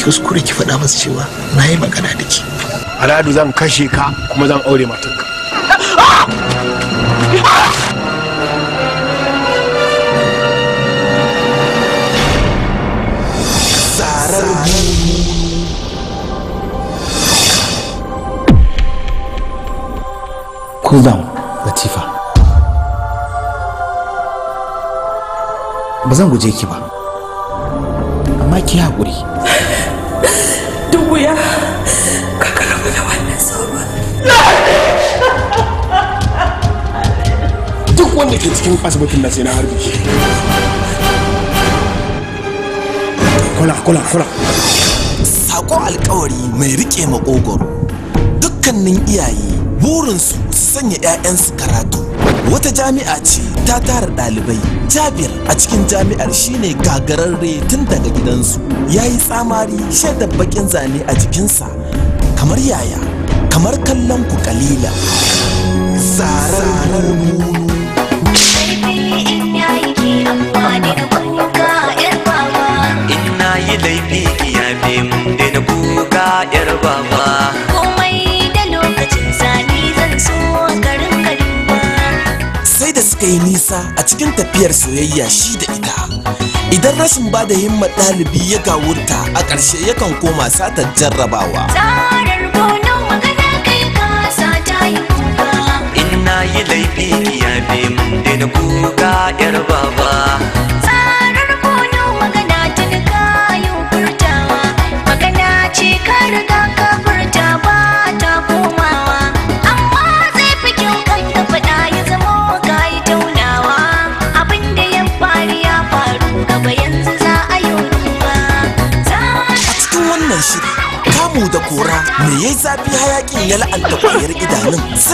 ki kuskure ki faɗa masa cewa na yi magana da ki aladu zan kashe ka kuma zan aure matarka Cool Latifa. Ba zan guje ki ba, amma ki haƙuri. wanda ke cikin asibitin na harbi kula kula kula Sako alkawari mai rike makogoro dukkanin iyaye burinsu sanya 'ya'yansu karatu wata jami'a ce ta tara ɗalibai jabir a cikin jami'ar shine gagararre tun daga gidansu ya yi tsamari shaidar bakin zane a jikinsa kamar yaya kamar kallon ku kalila zarar mu dubawa komai da lokacin sani zan so garin ka sai da suka yi nisa a cikin tafiyar soyayya shi da ita idan rashin ba da himmar ɗalibi ya gawurta a ƙarshe yakan koma satar jarrabawa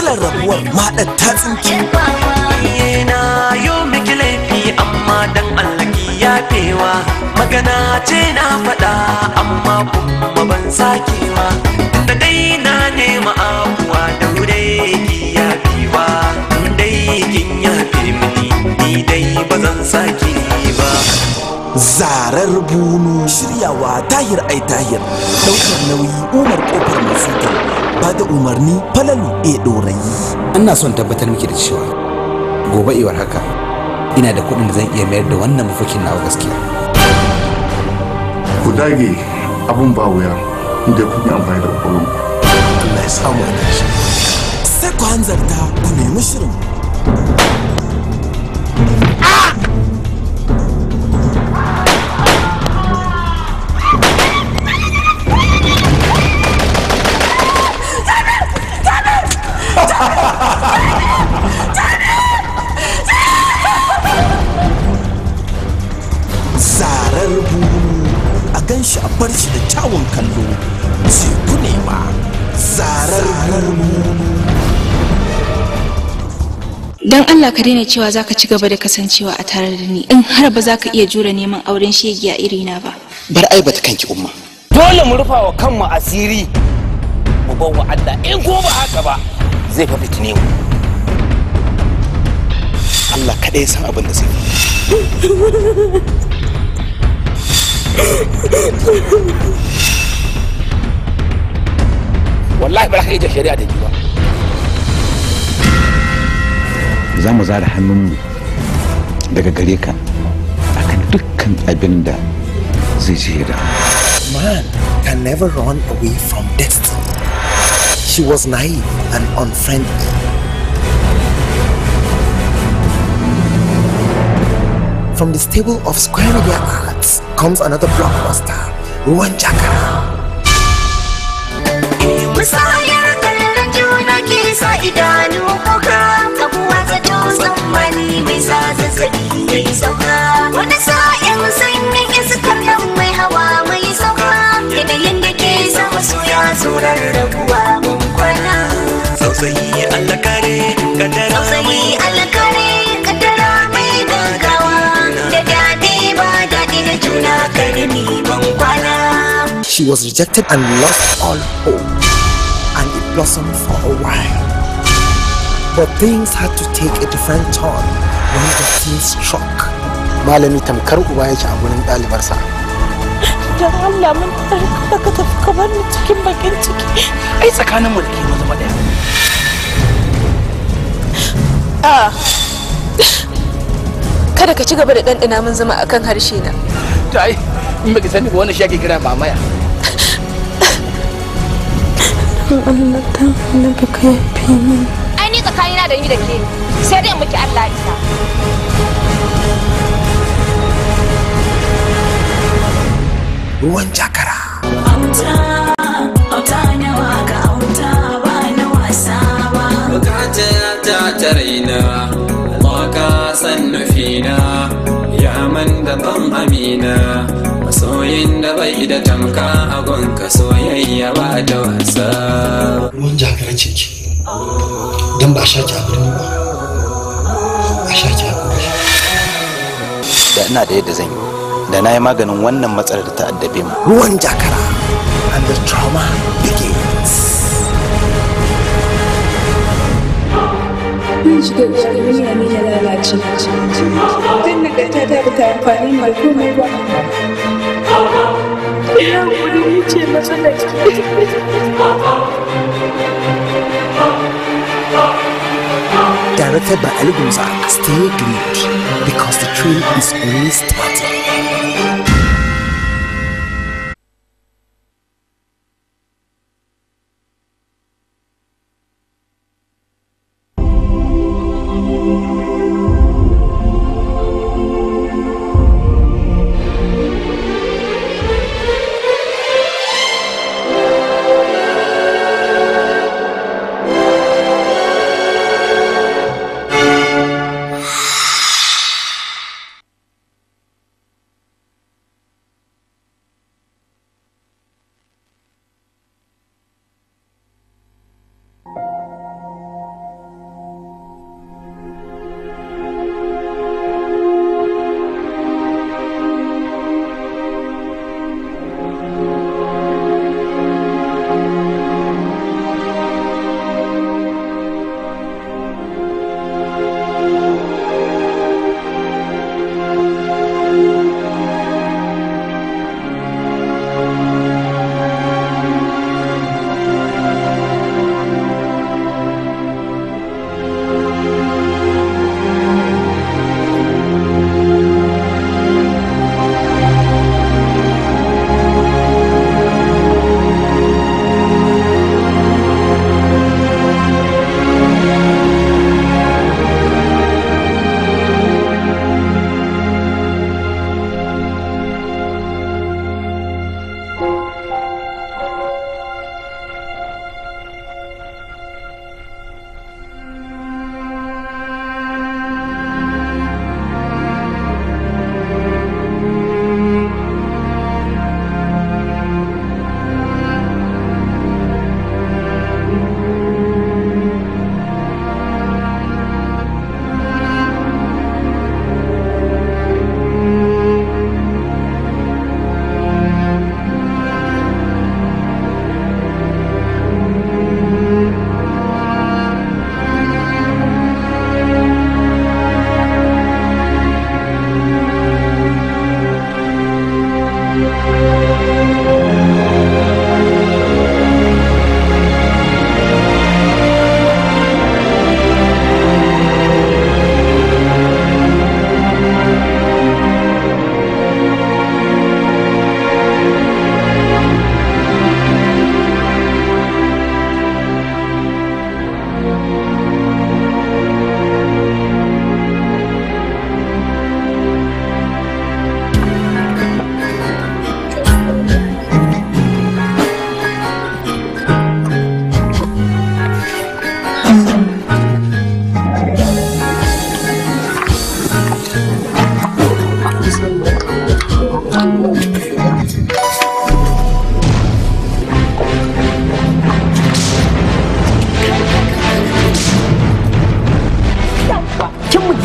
matsalar rabuwar mahaɗar ta tsinki na yo miki laifi amma dan allaki ya fewa magana ce na faɗa amma kuma ban sakewa da dai bunu shiryawa tahir ai tahir daukar nauyi umar kofar masuta ba da umarni falalu e dorayi ina son tabbatar miki da cewa gobe iwar haka ina da kuɗin da zan iya mayar da wannan mafakin nawa gaskiya ku dage abun ba wuya inda kun yi amfani da ƙwaƙwalwanku Allah ya samu a sai ku hanzarta ku nemi shirin don Allah ka daina cewa zaka ci gaba da kasancewa a tare da ni in har ba za ka iya jure neman auren shegi a irina ba bar ai bata kanki umma dole mu rufa wa kanmu asiri mu bar wa Allah in ko ba haka ba zai fa fitine mu Allah kaɗai san abin da zai wallahi ba za ka iya shari'a da ni za mu zara hannunmu daga gare ka akan dukkan abin da zai je da man can never run away from destiny she was naive and unfriendly From the stable of Square Media Arts comes another blockbuster, Ruan Chakra. musayar kallon juna ke sa idanu kuka tsammani mai sa zazzabi ya yi sauka wani sa'in sanyin iskar nan mai hawa mai sauka yanayin da ke sa su ya tsoron rabuwa mun kwana sausayi allah kare kadara mai allah kare kadara mai gaggawa da daɗi ba daɗi da juna karmi ban kwana She was rejected and lost all hope, and it blossomed for a while. But things had to take a different turn when the scene struck. Malami tamkar uba yake a gurin ɗalibarsa. Don Allah mun da ka tafi ka bar ni cikin bakin ciki. Ai tsakanin mu da ke zama ɗaya. Ah. Kada ka ci gaba da ɗanɗana mun zama akan harshe na. To ai in baki sani ba wannan shi ake kira mamaya. Allah ta Allah ka yafe mini. da yi da ke sai dai muke Allah isa ruwan jakara da tamka a gonka soyayya ba wasa ruwan jakara ce don ba a sha a birni ba a sha a birni da ina da yadda zan yi da na yi maganin wannan matsalar da ta addabe mu ruwan jakara and the trauma begins Hiç görüşlerimiz yanılar ta ta dikkate de bir komai ba. eyvah. Ya bunu hiç yemesen eski. Directed by Ali Gunza, stay glued because the train is only starting.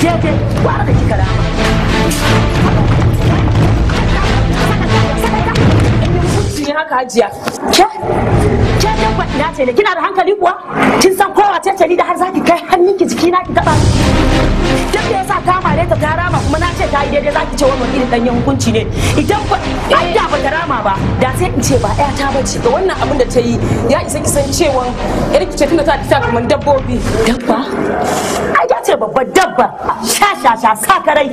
ke ke gwara da kika rama ne haka hajiya ke ce ne kina da hankali kuwa kin san kowa ce ce da har zaki kai hannun ki jiki na ki taba dan da yasa kama ne ta rama kuma na ce ta yi daidai zaki ce wannan irin danyen hukunci ne idan ba hadda ba ta rama ba da sai in ce ba ɗaya ta bace ga wannan abin da ta yi ya isa ki san cewa yar ki ce tana ta ta kaman dabbobi dabba wace babbar dabba sha sha sha sakarai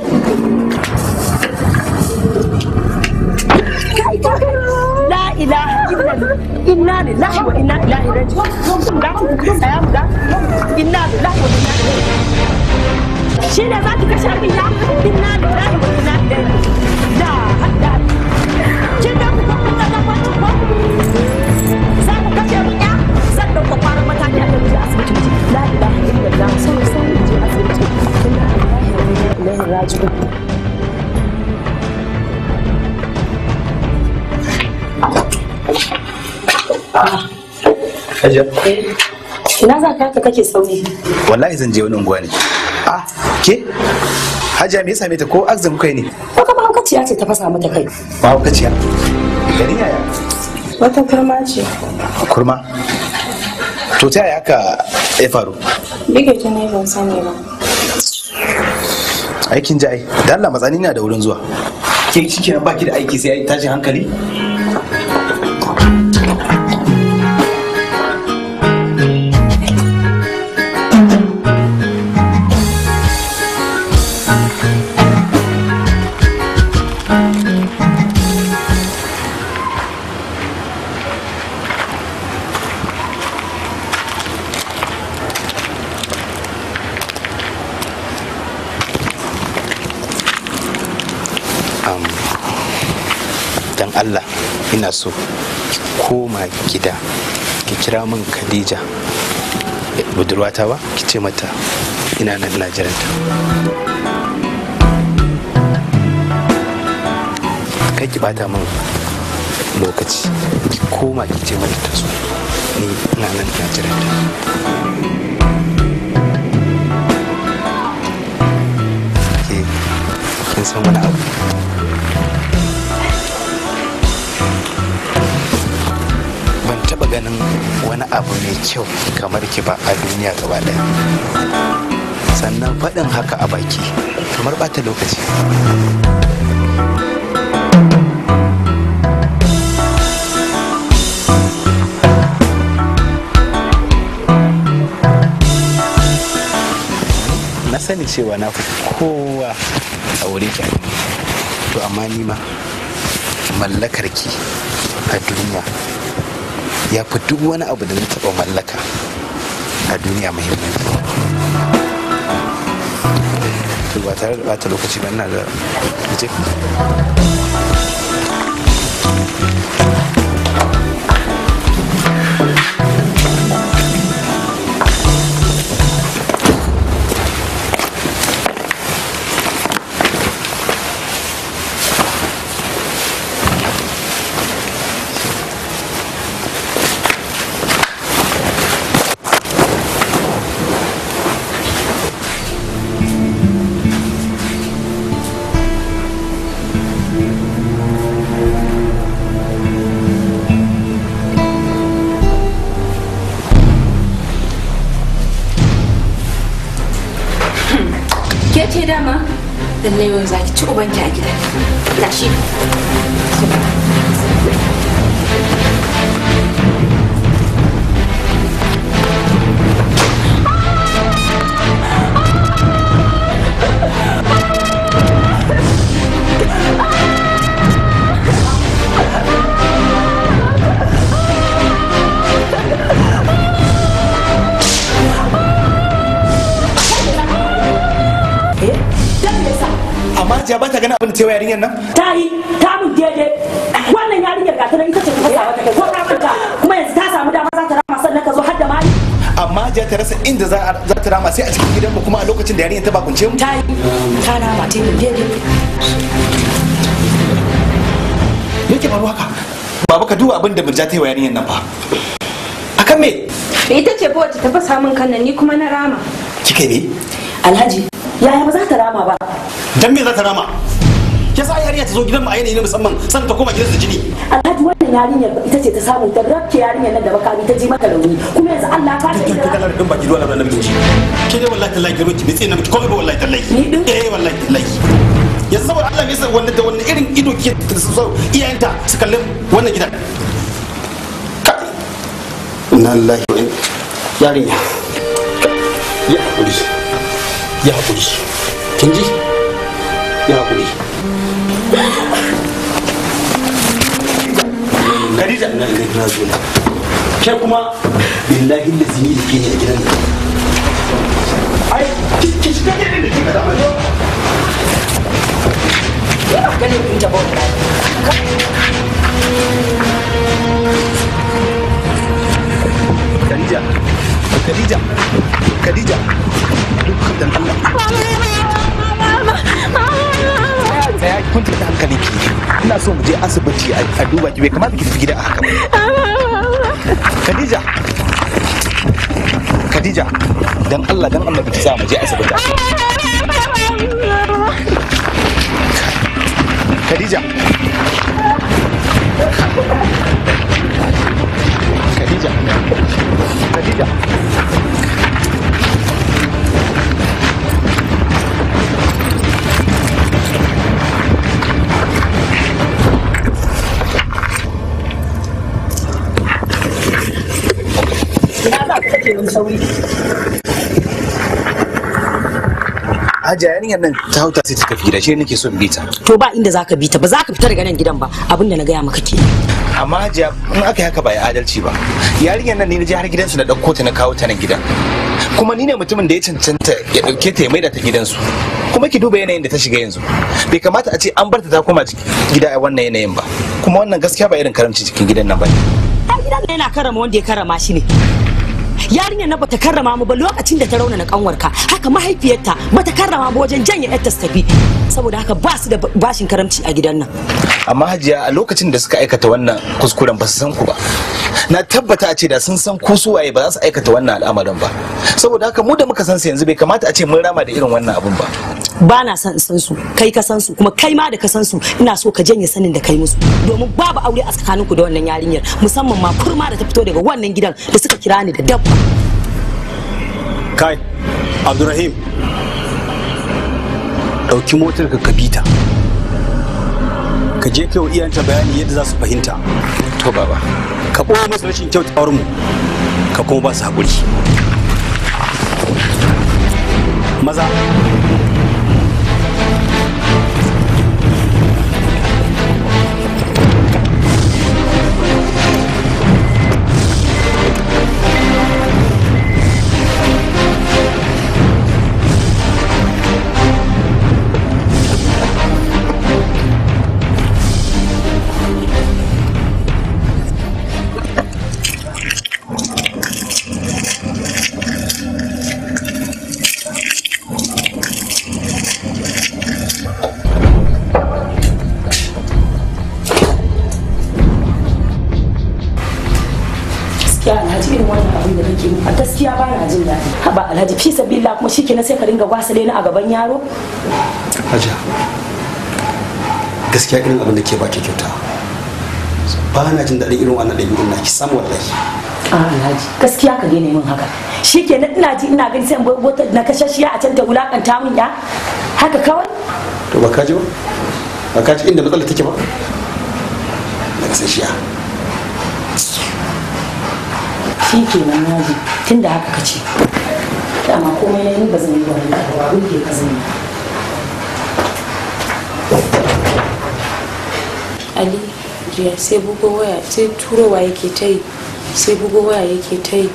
la ilaha inna lillahi wa inna ilaihi raji'un da ku tsaya mu da inna lillahi wa inna ilaihi raji'un shi ne za ki kashe abin ya inna lillahi wa inna ilaihi raji'un ilaihi raji'un Hajiya. Eh, ina za ka haka kake sauri? Wallahi zan je wani unguwa ne. Ah, ke? Hajiya me ya same ta ko arzan kai ne? Wata mahaukaciya ce ta fasa mata kai. Mahaukaciya? Gari yaya? Wata kurma ce. Kurma? To ta yaya haka ya faru? Bige ta ne ban sani ba. aikin Jai, ai da Allah matsani na da wurin zuwa ke ba baki da aiki sai tashin hankali allah ina so koma gida ki kira min khadija budurwata ba ki ce mata ina nan ina jiranta kai ki bata min lokaci ki koma ki ce mata ta so ni ina nan ina jiranta kin san wani abu ganin wani abu mai kyau kamar ki ba a duniya gaba daya sannan faɗin haka a baki kamar bata lokaci na sani cewa na fi kowa a wuri ki to amma nima mallakarki mallakar ki a duniya ya fi duk wani abu da na taɓa mallaka a duniya muhimmanci ba tare da bata lokaci ba ina da ke ce dama lallai yau za ki ci ubanki a gida tashi hajiya ba ta gani abin da ta yi yarinyar nan ta yi ta mun daidai wannan yarinyar ga ta nan ita ce ta fasa wata ko ta fita kuma yanzu ta samu dama za ta rama sannan ka zo har da mali amma ja ta rasa inda za ta rama sai a cikin gidan mu kuma a lokacin da yarinyar ta bakunce mu ta yi ta rama ta yi daidai yake faruwa haka baba ka duba abin da murja ta yi wa yarinyar nan fa akan me ita ce fa wacce ta fasa min kan nan ni kuma na rama kike ne alhaji yaya ba za ta rama ba dan me za ta rama ke sa yarinya ta zo gidan mu a yanayi na musamman san ta koma gidan jini alhaji wannan yarinyar ita ce ta samu ta rabke yarinyar nan da makami ta ji mata rauni kuma yanzu Allah ka ta ita kalar din baki dole nan miji ke dai wallahi tallahi ki roki bitsi na miji komai ba wallahi tallahi ni din eh wallahi tallahi yanzu saboda Allah ne yasa wanda da wannan irin ido ke so iyayenta su kalli wannan gidan inna lillahi wa inna yarinya ya ya haƙuri kin ya haƙuri Khadija na ga kira zo ke kuma billahi da zini da ke ne a gidan nan ai ki shiga gidan da kika da mazo ya ga ne ta ba Khadija Khadija Khadija dukkan dan Allah tsaya kun ta hankali ki ina so mu je asibiti a duba ki bai kamata ki tafi gida a haka Khadija Khadija dan Allah dan Allah ki sa mu je asibiti Khadija Khadija Khadija sauri Hajiya yarinyar nan ta hauta sai ta tafi gida shi nake son bita. To ba inda zaka bita ba zaka fita daga nan gidan ba abinda na gaya maka ke. Amma Hajiya in aka yi haka ba ya adalci ba. Yarinyar nan ne na je har gidansu na ɗauko ta na kawo ta nan gidan. Kuma ni ne mutumin da ya cancanta ya ɗauke ta ya maida ta gidansu. Kuma ki duba yanayin da ta shiga yanzu. Bai kamata a ce an bar ta ta koma gida a wannan yanayin ba. Kuma wannan gaskiya ba irin karamci cikin gidan nan ba ne. Har gidan yana karama wanda ya karama shi ne. yarinyar na bata karrama mu ba lokacin da ta rauna na kanwarka haka mahaifiyarta bata karrama mu wajen janye yarta tafi saboda haka ba su da bashin karamci a gidan nan amma hajiya a lokacin da suka aikata wannan kuskuren ba su san ku ba na tabbata a ce da sun san ku waye ba za su aikata wannan al'amarin ba saboda haka mu da muka san su yanzu bai kamata a ce mun rama da irin wannan abun ba ba na san san su kai ka san su kuma kai ma da ka san su ina so ka janye sanin da kai musu domin babu aure a tsakaninku da wannan yarinyar musamman ma kurma da ta fito daga wannan gidan da suka kira ni da dabba kai abdurrahim ɗauki motar ka ka bita ka je kai wa iyanta bayani yadda za su fahimta to baba ka koma musu rashin kyautawar mu ka kuma ba su haƙuri maza na sai ka dinga gwasa ni a gaban yaro aja gaskiya irin abin da ke baki kyauta ba na jin daɗin irin wannan ɗabi'un na ki samu wallahi a alhaji gaskiya ka daina min haka shi ke ina ji ina gani sai wata na kashashiya a can ta wulakanta min ya haka kawai to ba ka ji ba ba ka ji inda matsalar take ba na kashashiya shi ke nan naji tunda haka ka ce dama komai na yi ba zan yi wani ba rufe ka zan yi ali jiya sai bugo waya sai turowa yake ta yi sai bugo waya yake ta yi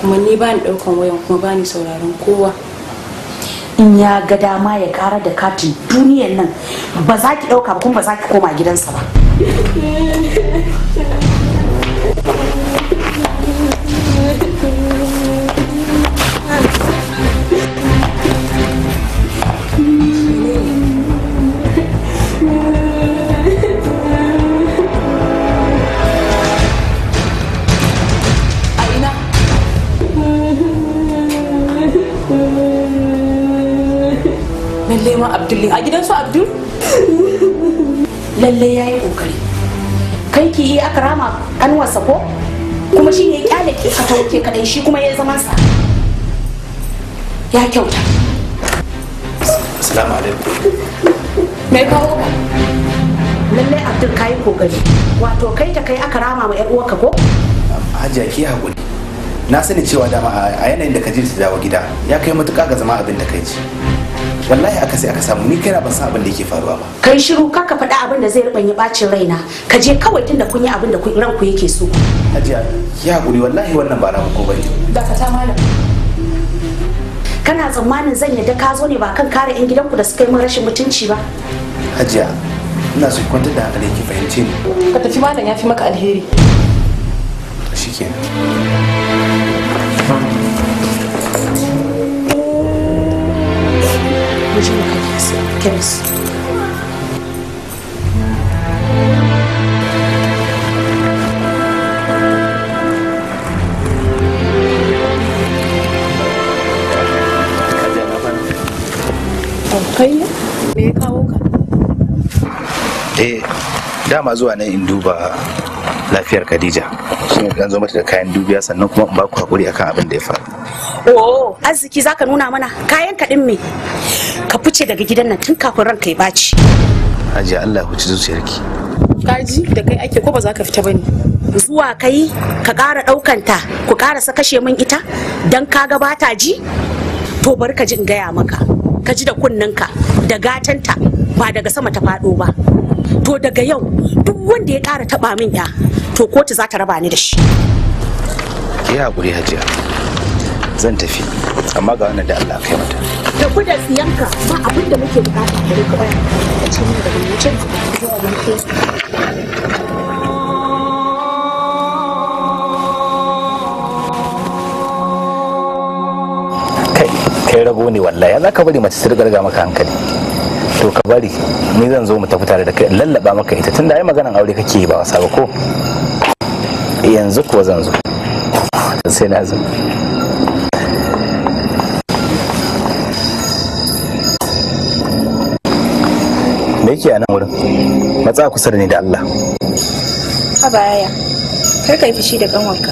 kuma ni ba ni daukan wayan kuma ba ni sauraron kowa in ya ga dama ya kara da katin duniyar nan ba za ki dauka ba kuma ba za ki koma gidansa ba gidan abdul a gidan su abdul lalle ya yi kokari kai ki yi aka rama kanwarsa ko kuma shine ya kyale ki ka tauke kadai shi kuma ya zaman sa ya kyauta assalamu alaikum me kawo ka lalle abdul kai kokari wato kai ta kai aka rama ma yar uwarka ko hajiya ki hakuri na sani cewa dama a yanayin da ka ji ta dawo gida ya kai matuƙa ga zama abin da kai ci wallahi aka sai aka samu ni kaina ban san abin da yake faruwa ba kai shiru kaka faɗa abin da zai rubanya bacin raina ka je kawai tunda kun yi abin da ku yake so hajiya ya hakuri wallahi wannan ba na ko bane ta malam kana tsammanin zan yadda ka zo ne ba kan kare 'yan gidanku da suka yi min rashin mutunci ba hajiya ina so kwantar da hankali ki fahimce ni ka tafi malam ya fi maka alheri shikenan eh dama zuwa nan in duba lafiyar Khadija shi ne zo mata da kayan dubiya sannan kuma in ba ku hakuri akan abin da ya faru oh arziki zaka nuna mana kayan kaɗin me ka fice daga gidan nan tun kafin ranka ya baci Haji Allah huci zuciyarki kaji da kai ake ko ba za ka fita bane zuwa kai ka ƙara ɗaukanta ku ƙara kashe min ita don ka gabata ji to bari ka ji in gaya maka ka ji da ka da gatanta ba daga sama ta faɗo ba to daga yau duk wanda ya kara taɓa min ya to kotu za ta raba ni da shi ki haƙuri hajiya zan tafi amma ga wannan da Allah kai mata da ku da tsiyanka ba abin da muke bukata a rika waya da ce da daga wucin zuwa wani facebook kai rabo ne wallahi za ka bari mace ta riga maka hankali to ka bari ni zan zo mu tafi tare da kai lallaba maka ita tunda ai maganan aure kake ba wasa ba ko yanzu kuwa zan zo sai na zo da yake a nan wurin matsa kusa da ni da Allah Haba baya kar kai fushi da ƙanwarka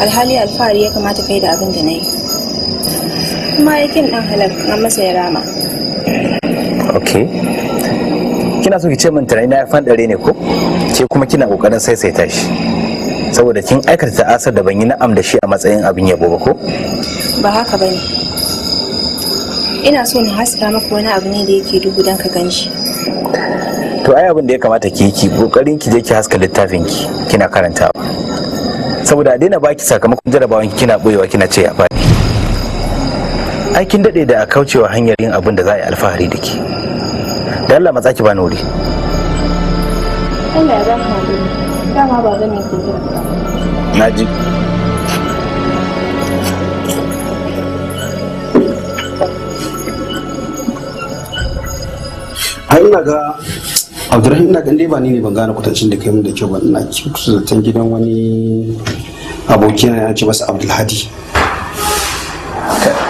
alhali alfahari ya kamata kai da abin da na yi kuma yakin dan halar na masa ya rama ok kina so ki ce min tunani na ya fandare ne ko ke kuma kina kokarin saisaita shi saboda kin aikata ta'asar da ban yi na'am da shi a matsayin abin yabo ba ko ba haka bane ina so na haska maka wani abu ne da yake duhu don ka gan shi to ai abin da ya kamata ki ki kokarin ki je ki haska littafin ki kina karantawa saboda a daina baki sakamakon jarabawan kina boyewa kina ce ya bani. aikin daɗe da a kaucewa hanyar yin abin da za a yi alfahari da ke da Allah matsa ki bani wuri Allah ya ba dama ba yi ko na ji har ina ga abdurrahim ina gande ba ni ne ban gane kwatancin da kai mun da kyau ba ina kyautu zaton gidan wani abokina ya ce masa abdulhadi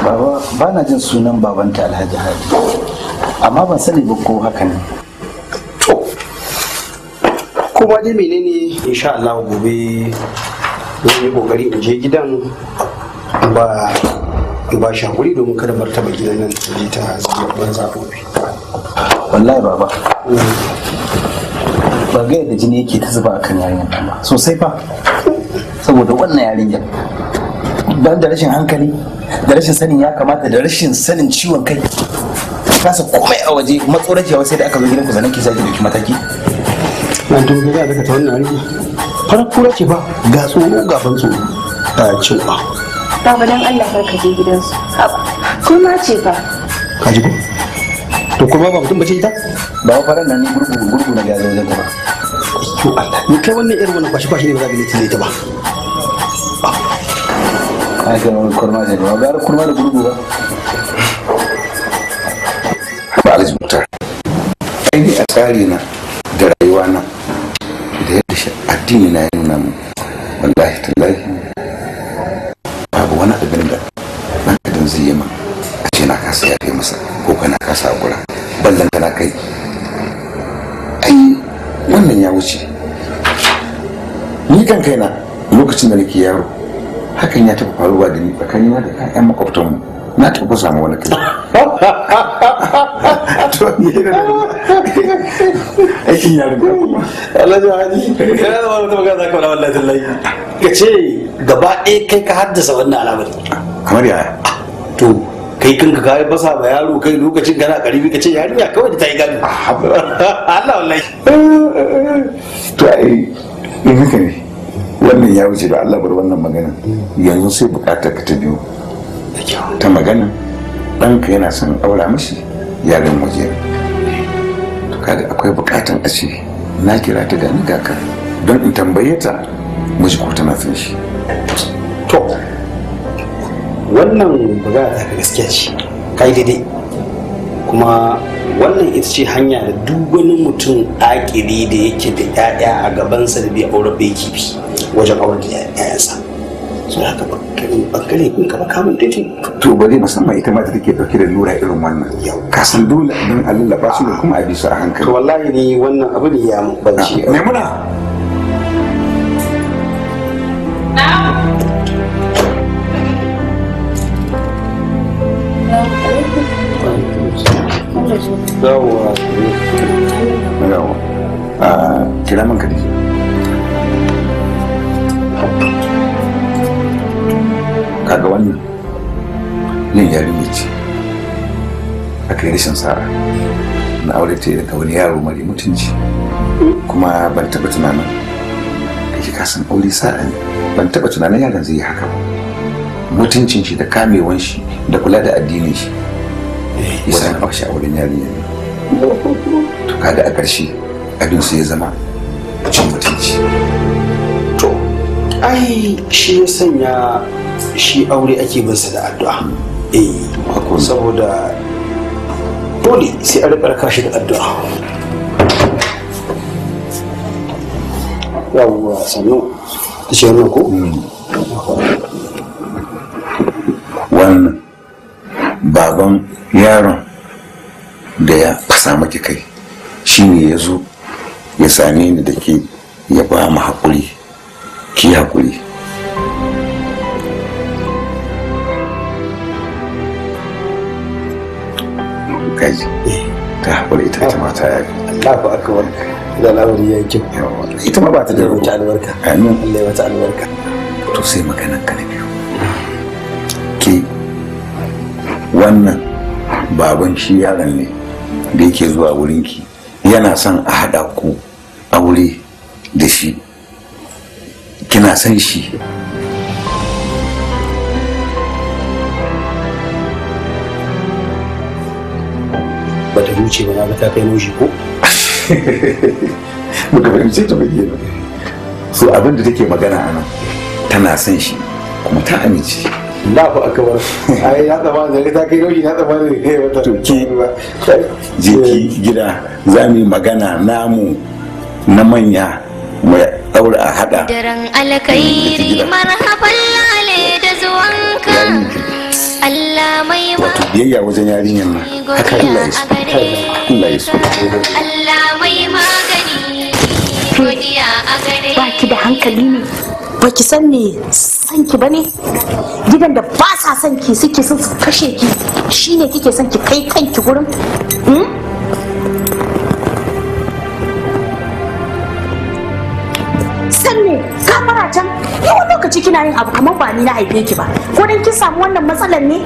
baba ba na jin sunan babanta alhaji hadi amma ban sani ba ko haka ne to kuma dai menene insha Allah gobe zan yi kokari in je gidan ba ba shaguri domin kada martaba gidan nan ta zama banza gobe wallahi baba ba ga yadda jini yake ta zuba akan yarinyar ba sosai fa saboda wannan yarinyar ban da rashin hankali da rashin sanin ya kamata da rashin sanin ciwon kai kasa komai a waje a sai da aka zo gidanku zanen kisa ki dauki mataki na to ga daga ta wannan arziki farko ce ba ga tsoro ga ban tsoro ta cewa dan Allah kar ka je gidansu kuma ce ba ka ji ko to kuma ba mutum ce ita ba wa fara nan gurgu gurgu na gaza wajen ba to Allah ni kai wannan irin wannan kwashi kwashi ne ba za ka yi ta ba a ga wannan kurma ne ba ga kurma da gurgu ba ba alis mutar ai ni a tsari na da rayuwa na da yadda shi addini na ya nuna mu wallahi tallahi babu wani abin da ɗan adam zai yi mana kana na kasa gura ballan kana kai ai wannan ya wuce ni kan kaina lokacin da nake yaro hakan ya taɓa faruwa da ni tsakanin da ƴaƴan makwabtanmu na taɓa ma wani kai aikin yaron ka kuma alhaji haji kana da wani magana zaka fara wallahi tallahi ka ce gaba ɗaya kai ka haddasa wannan al'amari kamar yaya to kai kan ka kai basa ma yaro kai lokacin kana karibi ka ce yarinya kawai da ta yi gani ah, Allah wallahi to ai in haka ne wannan ya wuce da Allah bar wannan magana yanzu sai bukatar ka ta biyo ta magana dan ka yana son aura mishi yaron waje to kaga akwai bukatan a ce na kira ta gani ga ka don in tambaye ta miji ko tana son shi to wannan ba za a taka gaskiya ce kai daidai kuma wannan ita ce hanya da duk wani mutum akiri da yake da 'ya'ya a gabansa da bai aure bai kifi wajen auren da 'ya'yansa sun haka bakare kun kaba kamun daidai to bari musamman ita ma ta take dauke da lura irin wannan ka san dole don a ba su da kuma a bi su a hankali to wallahi ni wannan abu ne ya mun ne muna na'am ka zo yawa yawa a ah, kira min ka kaga wannan yin yarinya ce aka yi rashin sa'a na aure ta da wani yaro mai mutunci kuma ban taɓa tunanin da ke kasan aure sa'a ne ban taɓa tunanin yaron zai yi haka ba mutuncin shi da kamewan shi da kula da addinin shi yasa na bashi a wurin yarinyar to kada a ƙarshe abin su ya zama cin mutunci to ai shi ya sanya shi aure ake binsa da addu'a eh saboda dole sai a rikarka shi da addu'a yawwa sannu ta ce wannan ko mm. baban yaron da ya fasa maki kai shi ne ya zo ya same ni da ke ya ba mu haƙuri ki haƙuri kaji ta haƙuri ita ita mata ya fi Allahu akbar da lamari ya yi ita ma ba ta da rubuta albarka amin Allah ya wata albarka to sai maganan ka na biyu ke wannan baban shi yaron ne da yake zuwa wurinki yana son a haɗa ku aure da shi kina son shi bata wuce ba na ta kai noshi ko muka fahimce ta bai ba so abin da take magana a nan tana son shi kuma ta amince Allahu akbar ai ya tsama da ta kai na tsama da kai wata jiki gida za mu magana namu na manya mu daura a hada daren alkairi marhaban lale da ka Allah mai wato biyayya wajen yarinyar nan haka Allah ya so Allah mai magani godiya a gare baki da hankali ne baki san me son ki bane gidan da ba sa son ki suke son su kashe ki shine kike son ki kai kanki gurin hmm? san ne ka can yawan lokaci kina yin abu kamar ba ni na haife ki ba ko dan kin samu wannan matsalar ne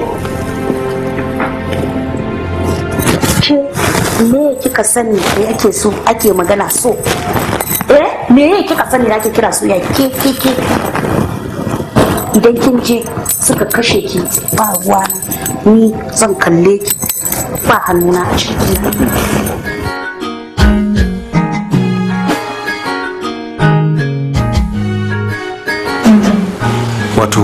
ke me kika sani me ake so ake magana so eh me kika sani ake kira so ya ke ke ke idan kin je suka kashe ki ba ruwa ni zan kalle ki ba hannuna a ciki wato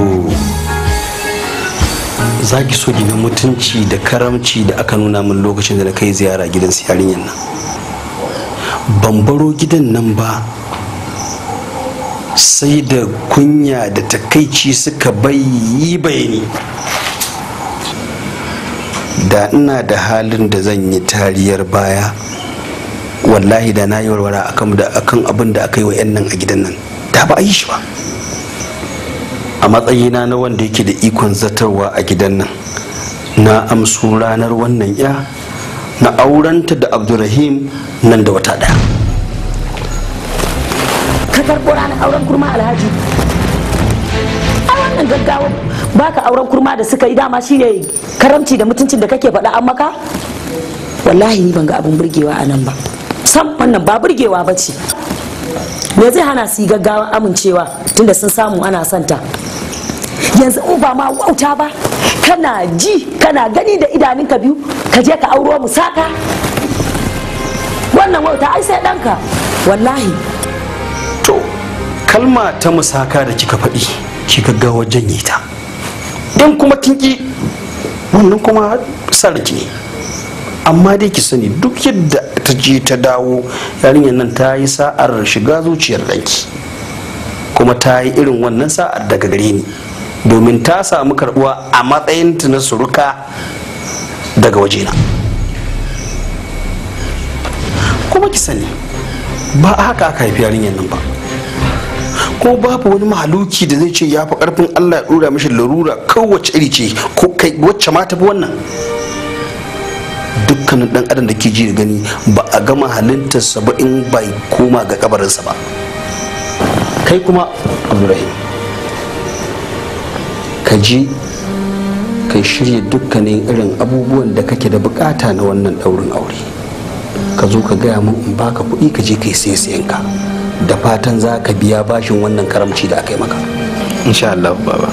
za ki so gina mutunci da karamci da aka nuna min lokacin da na kai ziyara gidan yarinyar nan ban baro gidan nan ba sai da kunya da takaici suka bayi bayani da ina da halin da zan yi tariyar baya wallahi da na yi warware kan abin da aka yi wa 'yan nan a gidan nan da ba a yi shi ba a matsayina na wanda yake da ikon zatarwa a gidan nan na amsu ranar wannan ya na aurenta da abdurrahim nan da wata ɗaya auren kurma alhaji a wannan gaggawa baka auren kurma da suka yi dama shine karamci da mutuncin da kake faɗa an maka wallahi ni ban ga abin burgewa a nan ba sam wannan ba burgewa ba ce me zai hana su yi gaggawa amincewa tunda sun samu ana santa yanzu in ba ma wauta ba kana ji kana gani da idanunka biyu ka je ka auro musaka wannan wauta ai sai ɗanka wallahi kalma ta musaka da kika faɗi kika ga wajen yi ta don kuma kinki wannan kuma sarki ne amma dai ki sani duk yadda ta je ta dawo yarinyar nan ta yi sa'ar shiga zuciyar ɗanki kuma ta yi irin wannan sa'ar daga gare ni domin ta samu karbuwa a matsayin ta na suruka daga wajena kuma ki sani ba haka aka haifi yarinyar nan ba ko babu wani mahaluki da zai ce ya fi karfin Allah ya dora mishi larura kowace iri ce ko kai wacce ma tafi wannan dukkanin dan adam da ke ji da gani ba a gama halittarsa ba bai koma ga kabarinsa ba kai kuma abdurrahim ka ji kai shirya dukkanin irin abubuwan da kake da bukata na wannan daurin aure ka zo ka gaya mun in baka kuɗi ka je kai sayan ka da fatan za ka biya bashin wannan karamci da aka yi maka insha Allah baba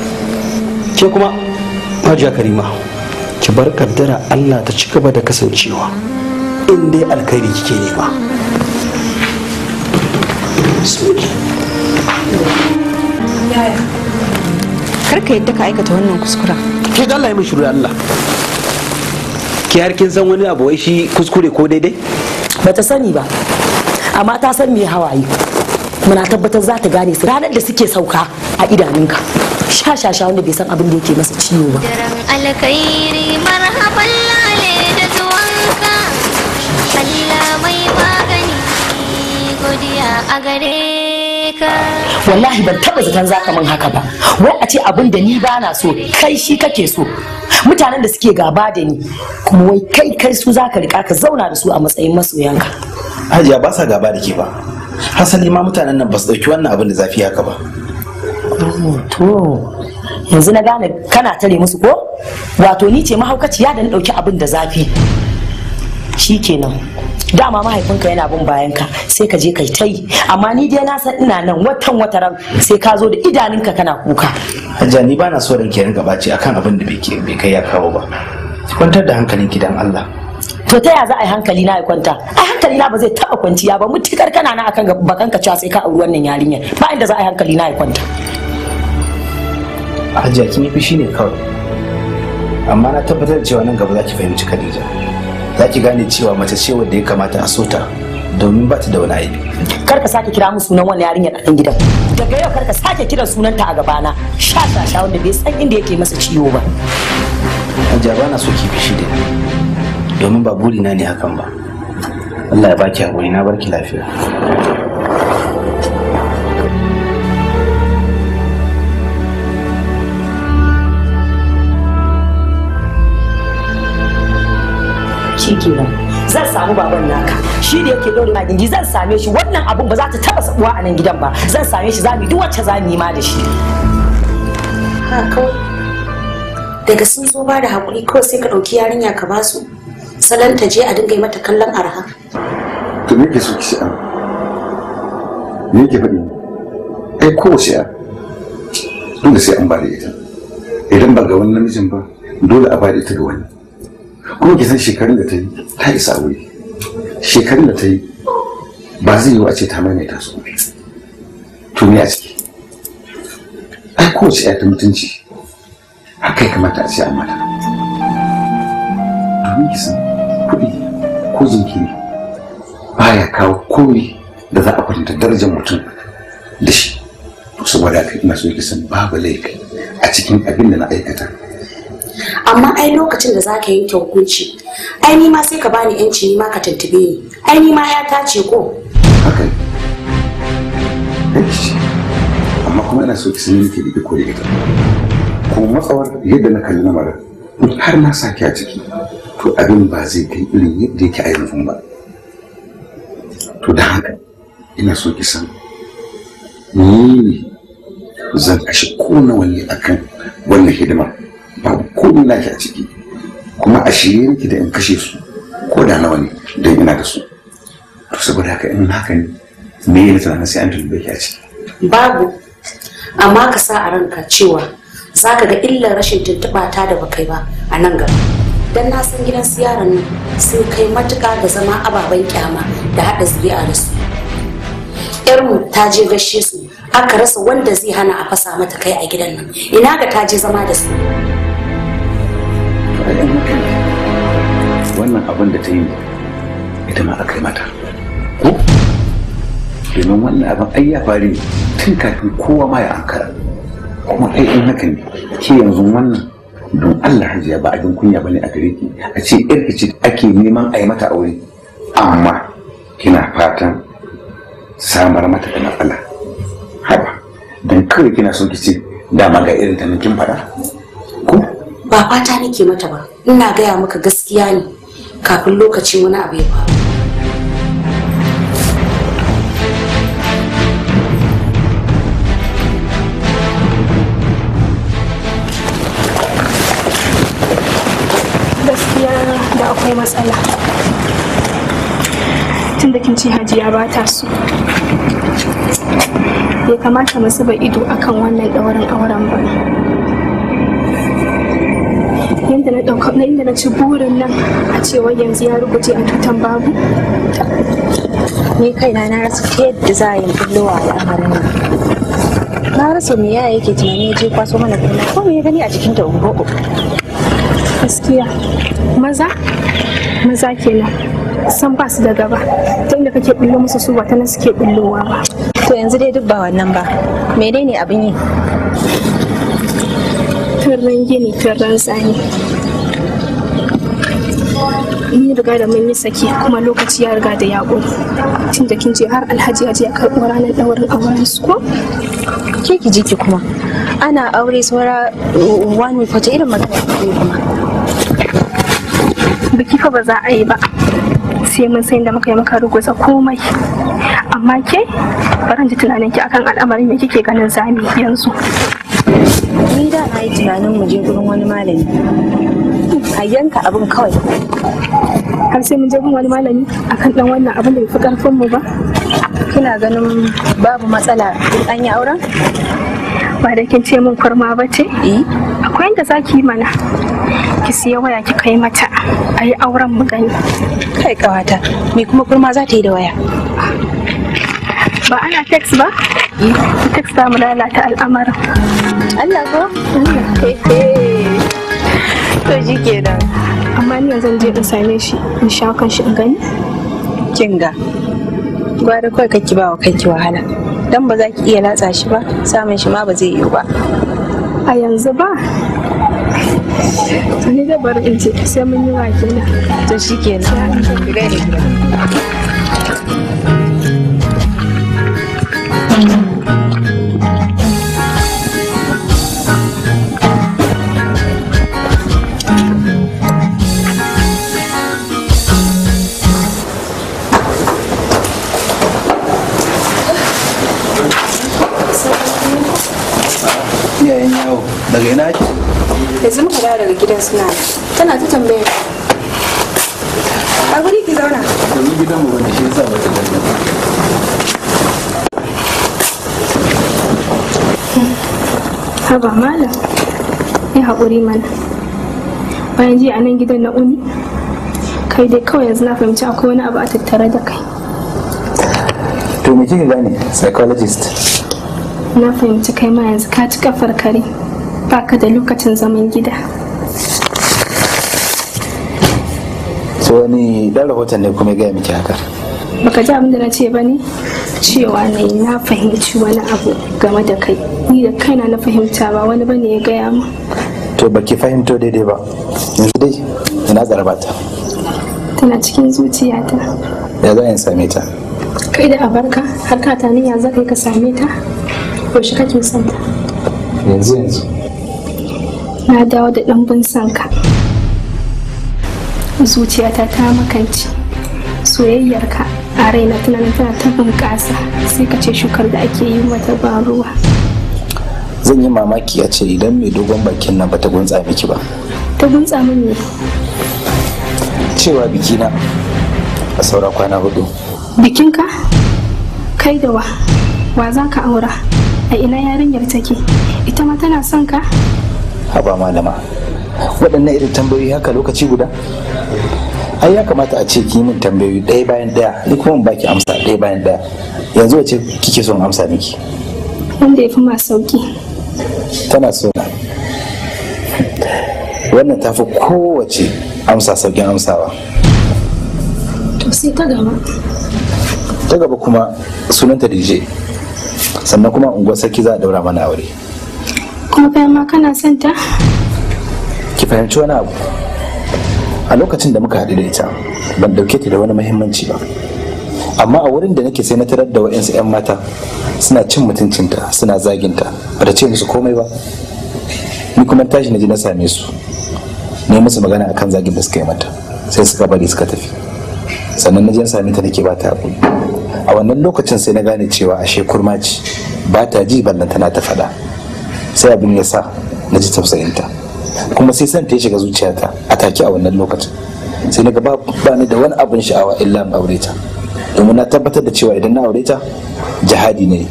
ke kuma hajiya karima ki bar kaddara Allah ta ci gaba da kasancewa in dai alkhairi kike nema karka yadda ka aikata wannan kuskura ke da Allah ya mishiru Allah ki har kin san wani abu wai shi kuskure ko daidai bata sani ba amma ta san me hawaye muna tabbatar za ta gane su ranar da suke sauka a idanunka sha sha sha wanda bai san abin da yake masa ciwo ba wallahi ban taba zaton za ka min haka ba wai a ce abin da ni bana so kai shi kake so mutanen da suke gaba da ni kuma wai kai kai su zaka rika ka zauna da su a matsayin masoyanka hajiya ba sa gaba da ke ba hasali ma mutanen nan ba su ɗauki wannan abin da zafi haka ba oh, to yanzu na gane kana tare musu ko wato ni ce mahaukaciya da na ɗauki abin da zafi shi Da dama mahaifinka yana bin bayanka sai ka je kai ta yi amma ni dai na san ina nan watan wataran sai ka zo da idanunka kana kuka hajja ni ba na so ranke rinka bace akan abin da bai kai ya kawo ba kwantar da hankalin gidan Allah to ta ya za a yi hankali na ya kwanta a hankali na ba zai taba kwanciya ba mutukar kana na akan bakan ka cewa sai ka auri wannan yarinyar ba inda za a yi hankali na ya kwanta hajiya kin yi fushi ne kawai amma na tabbatar cewa nan gaba za ki fahimci Khadija za ki gane cewa mace ce wadda ya kamata a sota domin ba ta da wani aibi kar ka sake kira mu sunan wani yarinyar a gidan daga yau kar ka sake kiran sunanta a gabana sha sha sha wanda bai san inda yake masa ciwo ba Hajiya bana so ki fushi da ni domin ba burina ne hakan ba Allah ya baki haƙuri na barki lafiya zan samu baban naka shi da yake dole na gindi zan same shi wannan abun ba za ta taba sabuwa a nan gidan ba zan same shi yi duk wacce zamu yi ma da shi ha kawai daga sun zo ba da hakuri kawai sai ka ɗauki yarinya ka basu salon ta je a dinga yi mata kallon arha to me ke so ki siya me ke faɗi ai kowace a dole sai an bada ita idan ba ga wani namijin ba dole a bada ita ga wani kuma ki san shekarun da ta yi ta isa wuri shekarun da ta yi ba zai yiwu a ce ta maimaita su to me a ciki ai kowace ya ta mutunci haka ya kamata a ce an mata domin ki san kuɗi ko jinkiri ya kawo komai da za a kwatanta darajar mutum da shi to saboda haka ina so yake san babu laifi a cikin abin da na aikata amma ai lokacin da zaka ka yanke hukunci ai ni ma sai ka bani yanci ni ma ka tuntube ni ai ni ma ya tace ko haka amma kuma ina so ki san yake da ko da ita kuma matsawar yadda na kalli mara har na sake a ciki to abin ba zai kai irin yadda yake a yanzu ba to da haka ina so ki san ni zan kashe ko nawa ne akan wannan hidima babu ko na ki a ciki kuma a shirye ki da in kashe su ko da nawa ne don ina da su to saboda haka in haka ne me ne tunanin sai an tulbe ki a ciki babu amma ka sa a ranka cewa za ka ga illar rashin tuntuɓa ta da bakai ba a nan gaba don na san gidan su nan sun kai matuka da zama ababen kyama da haɗa zuri'a da su yarmu ta je gashe su aka rasa wanda zai hana a fasa mata kai a gidan nan ina ga ta je zama da su wannan abin da ta yi ita ma aka yi mata ko domin wannan abin ai ya faru tun kafin kowa ma ya ankara kuma kai in haka ne ke yanzu wannan don Allah hajiya ba abin kunya bane a gare ki a ce yar ce ake neman a yi mata aure amma kina fatan samar mata da matsala haba don kawai kina son ki ce dama ga irin ta kin faɗa ko ba fata nake mata ba ina gaya maka gaskiya ne kafin lokacin wani abu ya faru matsala tun da kin ci hajiya ba ta so bai kamata mu zuba ido akan wannan ɗaurin auren ba yadda na ɗauka inda na ci burin nan a cewa yanzu ya rubuce a tutan babu ni kaina na rasu ta yadda za a yi bullowa al'amarin nan na rasa me yaya yake tunani ya je kwaso mana kuma ko me ya gani a cikin ta gaskiya maza maza kenan san ba su da gaba ta inda kake bullo musu su ta nan suke bullowa ba to yanzu dai duk ba wannan ba menene abin yi tarin gini tarin zani ni riga da mun yi saki kuma lokaci ya riga da yaƙo. tun da kin je har alhaji ya je ya karɓo ranar a auren su ko ke ki ji ki kuma ana aure saura uh, wani wace irin magana kuma biki fa ba za a yi ba sai mun san da muka yi maka ruguza komai amma ke baran ji tunanin ki akan al'amarin da kike ganin zami yanzu ni da na yi tunanin mu je gurin wani malami a yanka abin kawai har sai mun je gurin wani malami akan dan wannan abin da bai fi karfin mu ba kina ganin babu matsala an yi auren ba da kin ce mun kurma ba ce eh akwai inda za ki yi mana ki siya waya ki kai mata a yi auren mu gani kai kawata me kuma kurma za ta yi da waya ba ana text ba text ta mu lalata al'amarin Allah ko to ji kenan amma ni zan je in same shi in sha kan shi in gani kinga gwada kawai kake ba wa kanki wahala dan ba za ki iya latsa shi ba samun shi ma ba zai yiwu ba a yanzu ba to ni da bari in ce sai mun yi wa kenan to shikenan daga ina ake yanzu muka dawo daga gidan suna tana ta tambaya a guri ki zauna yanzu gidan mu wanda shi yasa ba ta haba malam ya haƙuri mana bayan ji a nan gidan na uni kai dai kawai yanzu na fahimci akwai wani abu a tattare da kai to me kika gane psychologist na fahimci kai ma yanzu ka ci kafar kare baka da lokacin zaman gida so wani dan rahoton ne kuma gaya miki haka baka ji abin da na ce bane cewa na na fahimci wani abu game da kai ni da kaina na fahimta ba wani bane ya gaya mu to baki fahimto daidai ba yanzu dai ina zarabata tana cikin zuciyata ya za in same ta kai da abarka har ka tani ya zaka ka same ta yaushe kake son ta yanzu yanzu na dawo da ɗanbin sanka zuciyata ta makanci soyayyarka a raina tunanin tana ta bunƙasa sai ka ce shukar da ake yi mata ba ruwa zan yi mamaki a ce idan mai dogon bakin nan ba ta gunza miki ba ta gunza mini cewa bikina a saura kwana hudu bikinka kai da wa wa za ka aura a ina yarinyar take ita ma tana son ka haba malama waɗannan irin tambayoyi haka lokaci guda ai ya kamata a ce ki min tambayoyi ɗaya bayan ɗaya ni kuma baki amsa ɗaya bayan ɗaya yanzu wace kike son amsa miki wanda ya fi ma sauki tana so na wannan ta fi kowace amsa saukin amsawa to sai ta gaba ta gaba kuma sunanta dije sannan kuma unguwar sarki za a daura mana aure kuma kai ma kana son ta ki fahimci wani abu a lokacin da muka haɗu da ita ban ɗauke ta da wani muhimmanci ba amma a wurin da nake sai na tarar da wa'insu 'yan mata suna cin mutuncinta suna zaginta ba ta ce musu komai ba ni kuma tashi na je na same su ne musu magana akan zagin da suka yi mata sai suka bari suka tafi sannan na je na same ta nake ba ta abu a wannan lokacin sai na gane cewa ashe kurma ce ba ta ji ballan tana ta faɗa sai abin ya sa na ji tausayinta kuma sai san ta shiga zuciyata a take a wannan lokacin sai na gaba ba ni da wani abin sha'awa illa in aure ta domin na tabbatar da cewa idan na aure ta jihadi ne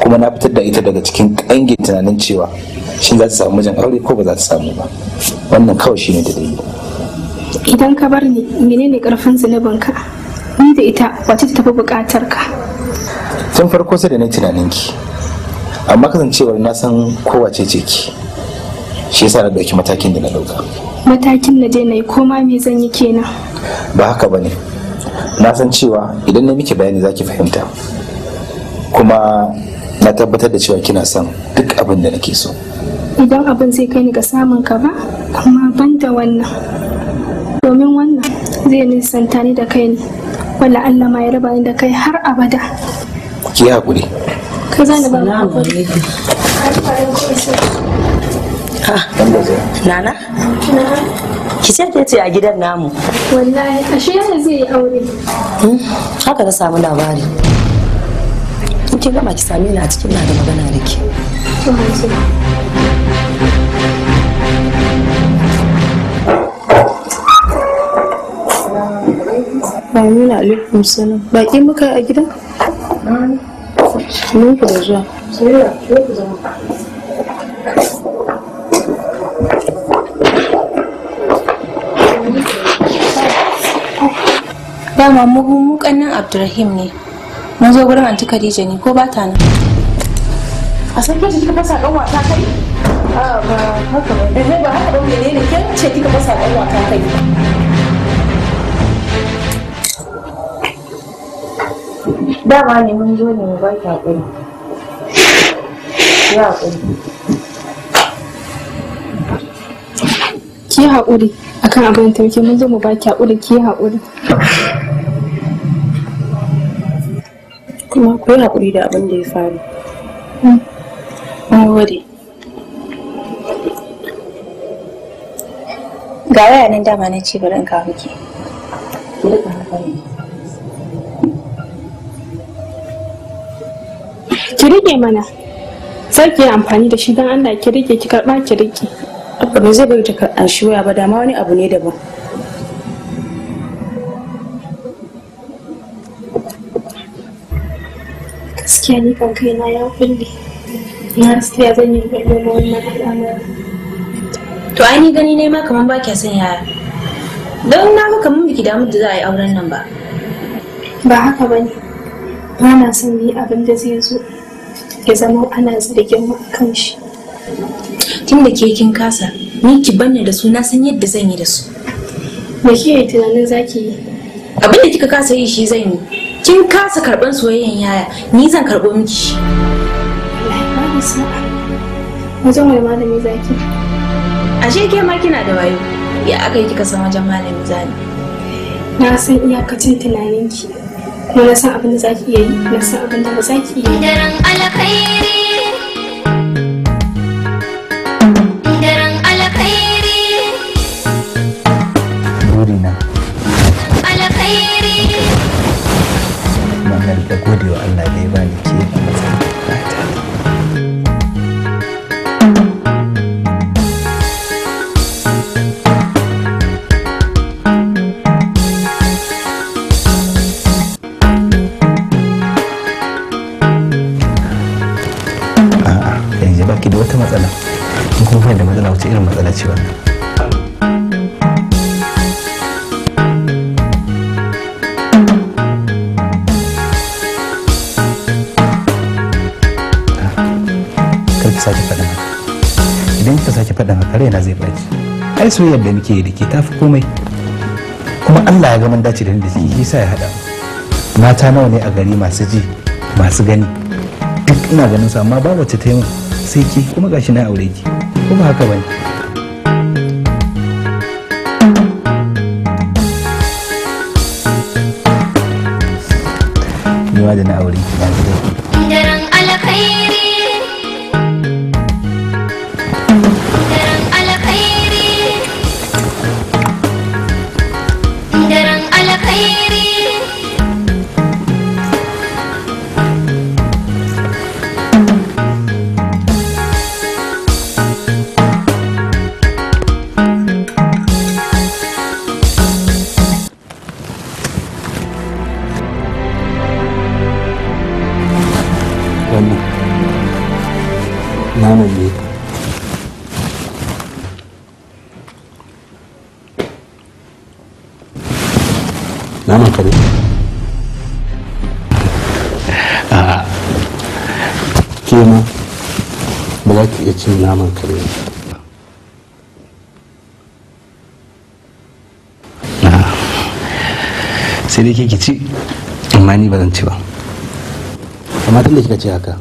kuma na fitar da ita daga cikin kange tunanin cewa shin za ta samu mijin aure ko ba za ta samu ba wannan kawai shine da dalili idan ka bar ni menene karfin zunubin ka ni da ita wace ta tafi bukatar ka tun farko sai da na tunanin ki amma kasancewar na san kowace ciki shi yasa na ɗauki matakin da na ɗauka matakin na je na yi koma mai zan yi kenan ba haka ba ne na san cewa idan na miki bayani za ki fahimta kuma na tabbatar da cewa kina son duk abin da nake so idan abin zai kai ni ga samun ka ba kuma ban da wannan domin wannan zai nisanta ni da kai ne wala Allah ma ya raba ni da kai har abada ki hakuri. Nana? Ki ce ke a gidan namu. Wallahi, ashe zai yi aure. Hmm? Haka na samu labari. In kin gama ki same ni a cikin na da magana da ke. Mamina alaikum salam. Baki muka yi a gidan? ba ki da zuwa. Sanin ki da Dama mu mu kannin Abdurrahim ne. Mun zo gurin Anti Khadija ne ko ba ta nan? A san kace kika fasa dan wata kai? A ba haka ba. Eh ba haka ba menene kin ce kika fasa dan wata kai? dama ne mun zo ne mu ba ki haƙuri ki haƙuri ki haƙuri akan abin tarki mun zo mu ba ki haƙuri ki haƙuri kuma ku yi haƙuri da abin da ya faru hmm. mun gode ga waya dama na ce bari in kawo ki ki rika haƙuri ki rike mana za ki yi amfani da shi don allah ki rike ki karɓa ki rike abba zai bari ta karɓa shi waya ba dama wani abu ne daban gaskiya ni kan kaina ya kulle na gaskiya zan yi kulle ma wannan al'amari to ai ni gani ne ma kamar ba kya san yaya don na ga kamar biki damu da za a yi auren nan ba ba haka bane ba na son yi abin da zai zo ya zama ana zargin mu kan shi tun da ke kin kasa ni ki banne da su na san yadda zan yi da su me kike tunanin zaki yi abin da kika kasa yi shi zan yi kin kasa karban soyayyen yaya ni zan karbo miki shi wajen wani malami zaki ashe ke ma kina da wayo ya aka yi kika san wajen malami zani na san iyakacin tunaninki kuma na san abin da za ki iya yi na san abin da ba za ki iya yi. soyayyar da muke da ke fi komai kuma Allah ya ga mun dace da ni da ke sa ya hada mata nawa ne a gari masu ji masu gani duk ina ganin su amma ba wacce ta yi sai ke kuma gashi na aure ki kuma haka bane ni ma da na aure ki cin naman kare ah. sai dai ke ci amma ni ba zan ci ba amma tun da kika ce haka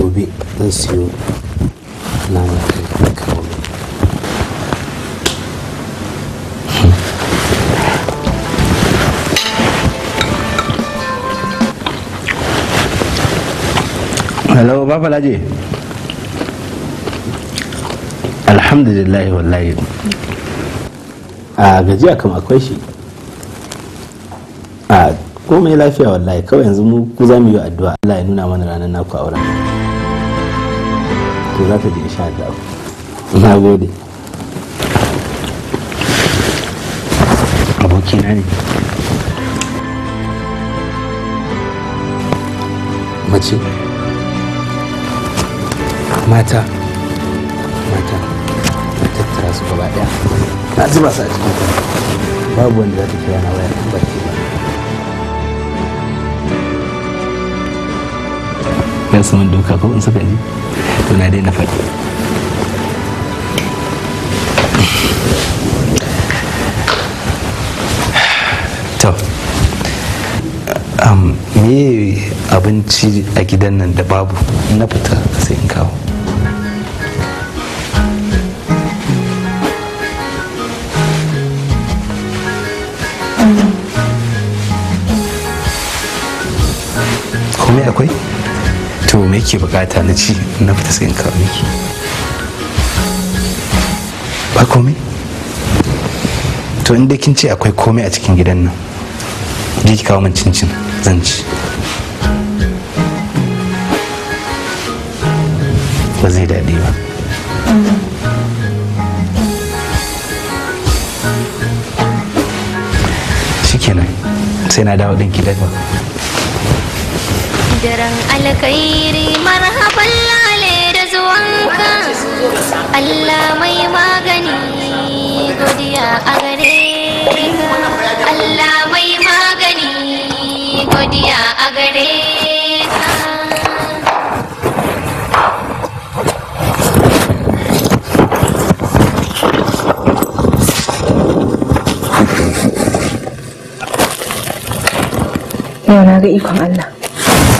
gobe zan siyo naman kare hello baba Laji. alhamdulillah wallahi a gajiya kam akwai shi a komai lafiya wallahi kawai yanzu mu ku za mu yi addu'a Allah ya nuna mana ranar naku auren to za ta ji insha Allah na gode abokina ne mace mata su gaba daya na zuba su a cikin babu wanda za ta kira na waya ba ke ba kan saman doka ko in saka ji to na daina faɗi to um, me abinci a gidan nan da babu na fita sai in kawo komai akwai to me yake bukata na ci na fita sai kawai kawo miki ba komai to inda kin ce akwai komai a cikin gidan nan je ki kawo min cincin zan ci ba zai daɗi ba shikenan sai na dawo ɗin ki daga Jiran alkhairi marhaban lale da zuwanka Allah mai magani godiya a gare ka Allah mai magani godiya a gare Yau na ga ikon Allah.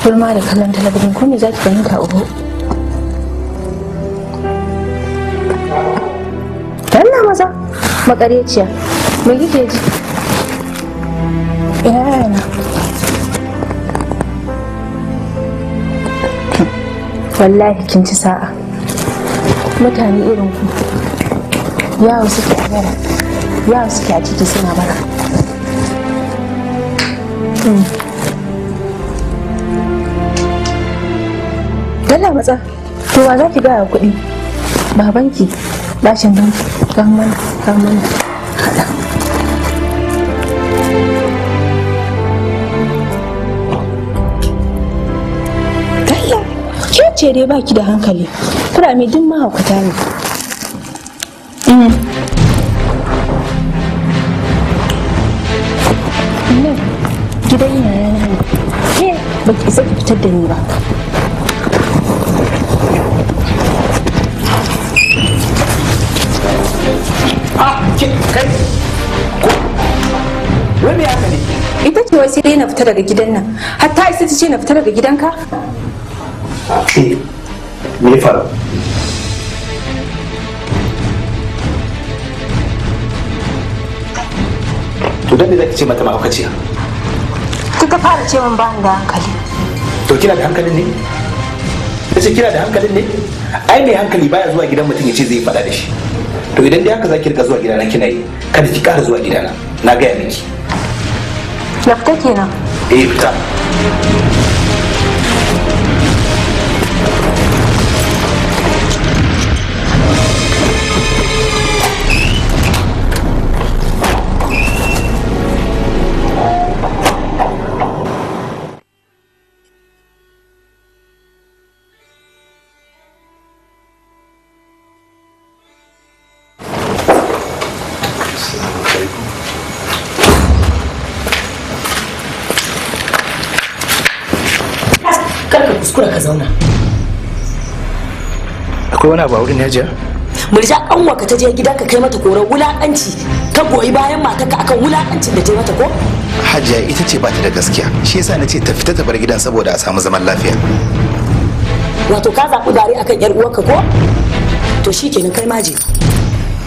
Kulma da kallon talabijin ko me za ki fahimta uku Allah maza makareciya me kike ji yana wallahi kin ci sa'a mutane irin ku yawo suke a bara yawo suke a ciki suna bara hmm. Allah matsa to wa za ki gaya kuɗi babanki bashin nan kaman mana kan mana haɗa ce dai baki da hankali kura kurame duk mahaukata ne mm. gidan yana ne ba ki isa ki fitar da ni ba cewa sai dai na fita daga gidan nan hatta isa ta ce na fita daga gidanka ke eh, me fara to dan da zaki ce mata mahaukaciya ta ka fara ce min ba da hankali to kina da hankalin ne ta ce kina da hankalin ne ai mai hankali baya zuwa gidan mutum ya ce zai faɗa da shi to idan dai haka zaki rika zuwa gidana kina yi kada ki ƙara zuwa gidana na gaya miki Laf tek yine. İyi bir tane. wani abu a wurin hajiya murja an ka ta je gidanka kai mata koran wulakanci ka goyi bayan matarka akan wulakancin da ta mata ko hajiya ita ce ba ta da gaskiya shi yasa na ce ta fita ta bar gidan saboda a samu zaman lafiya wato ka zaɓi dare akan yar uwarka ko to shi kenan kai maje.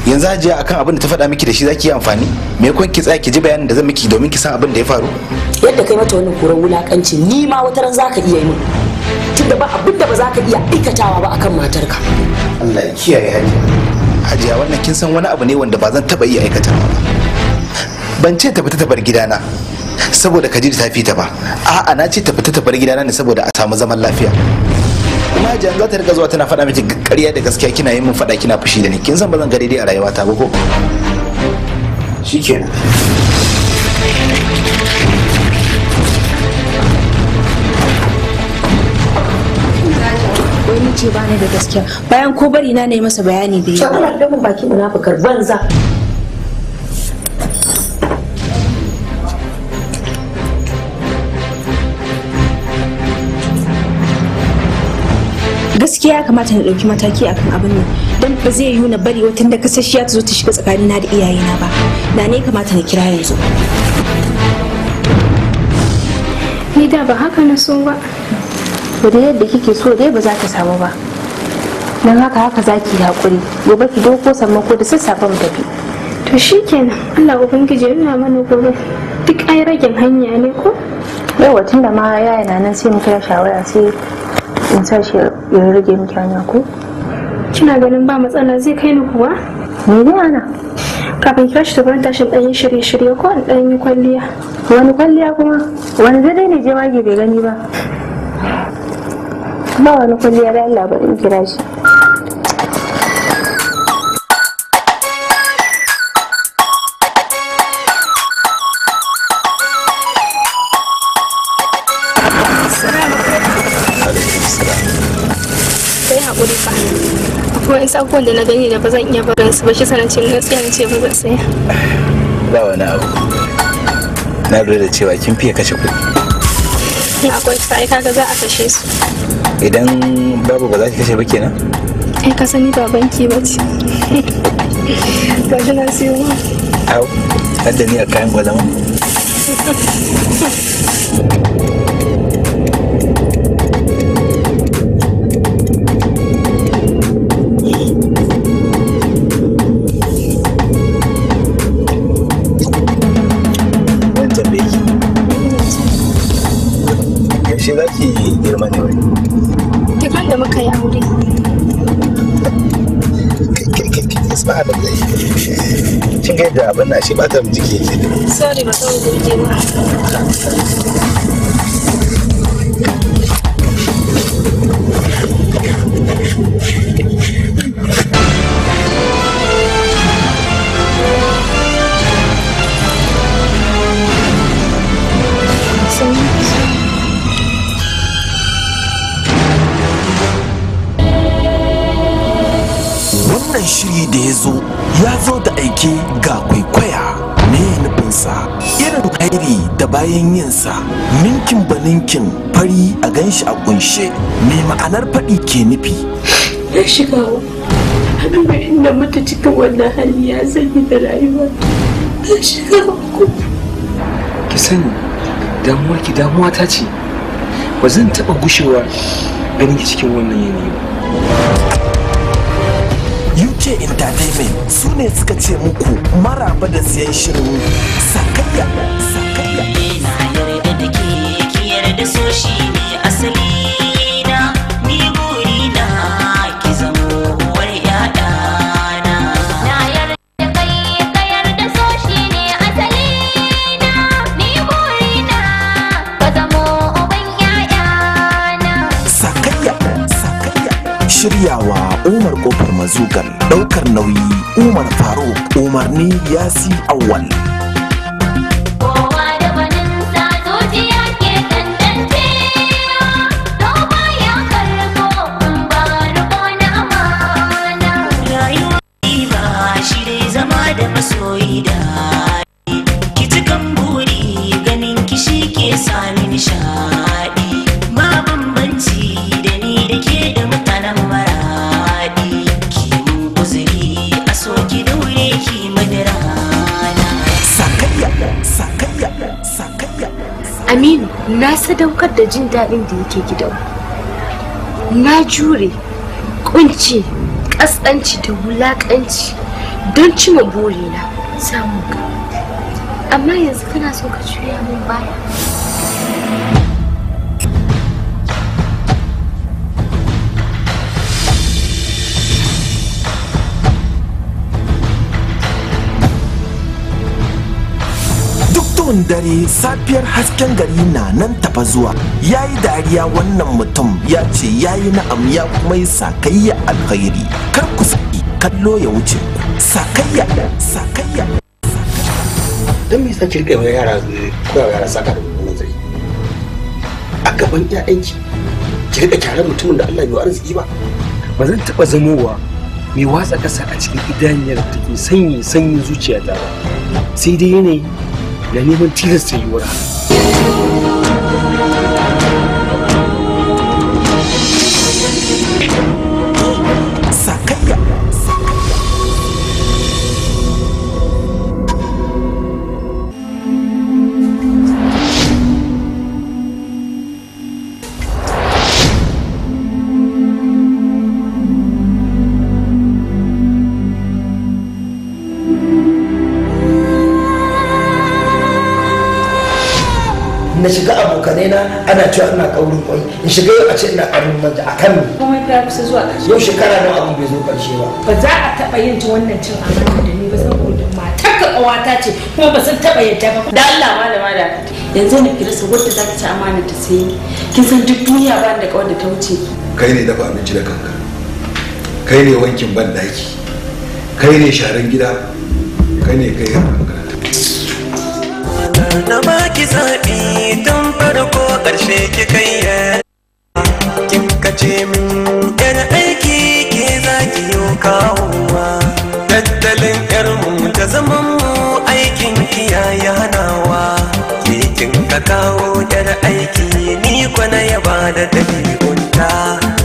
yanzu hajiya akan abin da ta faɗa miki da shi zaki yi amfani me kun ki tsaya ki ji bayanin da zan miki domin ki san abin da ya faru yadda kai mata wannan koran wulakanci ni ma wata ran zaka iya yi min da ba abin da ba za ka iya aikatawa ba akan matarka Allah ya kiyaye hajiya hajiya wannan kin san wani abu ne wanda ba zan taba iya aikatawa ba ban ce ta fita ta bar gidana saboda kaji ta fita ba a'a na ce ta fita ta bar gidana ne saboda a samu zaman lafiya kuma hajiya za ta rika zuwa tana faɗa miki ƙarya da gaskiya kina yin min faɗa kina fushi da ni kin san ba zan ga daidai a rayuwata ba ko shikenan ce ba ni da gaskiya bayan ko bari na yi masa bayani da yi. Shakala da mun baki munafukar banza. gaskiya ya kamata na ɗauki mataki akan abin nan don ba zai yiwu na bari wata da kasashiya ta zo ta shiga tsakanina da iyayena ba da ne kamata na kira yanzu ni da ba haka na so ba da yadda kike so dai ba za ka samu ba don haka haka za ki haƙuri gobe ki doko ko da sassafe mu tafi to shikenan Allah ubangiji yana mana gobe duk ai ragin hanya ne ko yawa tun da ma ya na nan sai mu kira shawara sai in sa shi ya rage miki hanya ko kina ganin ba matsala zai kai ni kuwa ne ne ana kafin kira shi tabarin tashin dan yi shirye-shirye ko an dan yi kwalliya wani kwalliya kuma wani zai ne je wage bai gani ba ba wani kwalliya da Allah ba in kira shi sai haƙuri da na gani da ba zan iya barin su ba shi sanacin na ce ba zan tsaya ba wani abu na lura da cewa kin fiye kashe kuɗi akwai sai kaga za a kashe su idan babu ba za ki kashe ba kenan ai eh, ka sani ba banki ba ce ba shi na siyo ma au hadda ni a kayan gwazama da abin na shi bata jiki ke da sorry ba zan goge ba wannan shiri da ya zo ya zo bayan yinsa ninkin ba ninkin fari a ganshi a kunshe mai ma'anar faɗi ke nufi ya shiga wa habibu inda mutu cikin wannan hali ya sanya da rayuwa ya shiga ku ki sani damuwa ki damuwa ta ce ba zan taɓa gushewa ganin ki cikin wannan yanayi ba UK Entertainment su ne suka ce muku maraba da siyan shirin sakayya likitar kofar mazugal ɗaukar nauyi umar faruk umarni yasi awal da jin daɗin da yake gidan na jure kunci ƙasƙanci da wulaƙanci don cima burina samun ka amma yanzu kana so ka juya min baya duhun dare safiyar hasken gari na nan tafa zuwa ya yi dariya wannan mutum ya ce ya yi na'am ya kuma yi sakayya alkhairi kar ku saki kallo ya wuce sakayya sakayya don me sake rike mai yara koyawa yara saka da mummunan zai a gaban ƴaƴanki ki rika kyaran mutumin da Allah bai arziki ba ba zan taɓa zamowa mai watsa ƙasa a cikin idaniyar da take sanyi sanyin zuciyata ba sai dai yanayi da neman tilasta yiwuwar na shiga abokanai na ana cewa ina kaurin kwai in shiga yau a ce ina karin manja a kan kuma ta kusa zuwa ƙarshe yau shekara nawa abin bai zo ƙarshe ba ba za a taɓa yin wannan cin amana da ni ba saboda matar ka ƙawata ce kuma ba san taɓa yadda ba da Allah malama da yanzu ne ki rasa wadda za ki ci amana ta sai kin san duk duniya ba da kawai da ta wuce kai ne dafa abinci da kanka kai ne wankin ban daki kai ne sharan gida kai ne kai kanka na baki zaɓi tun farko ƙarshe ki kai kin kace min yar aiki ke za ki yi kawowa tattalin yarmu ta zaman mu aikin kiyaye hanawa ke kin ka kawo yar aiki ni kwana yaba da ɗabi'unta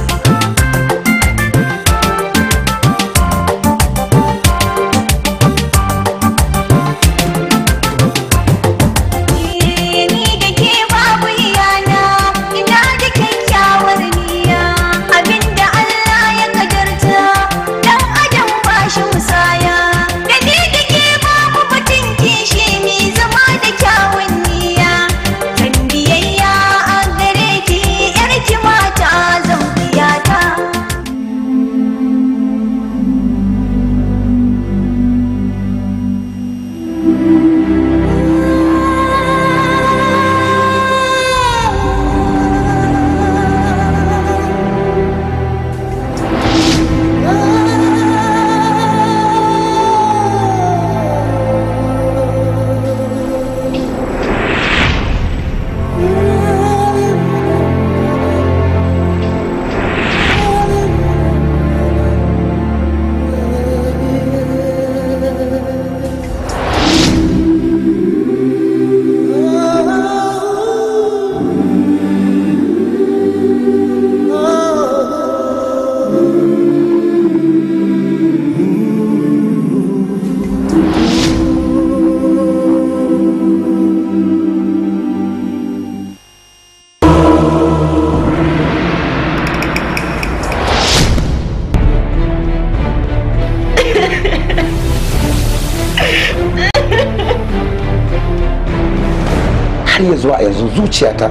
дівчата.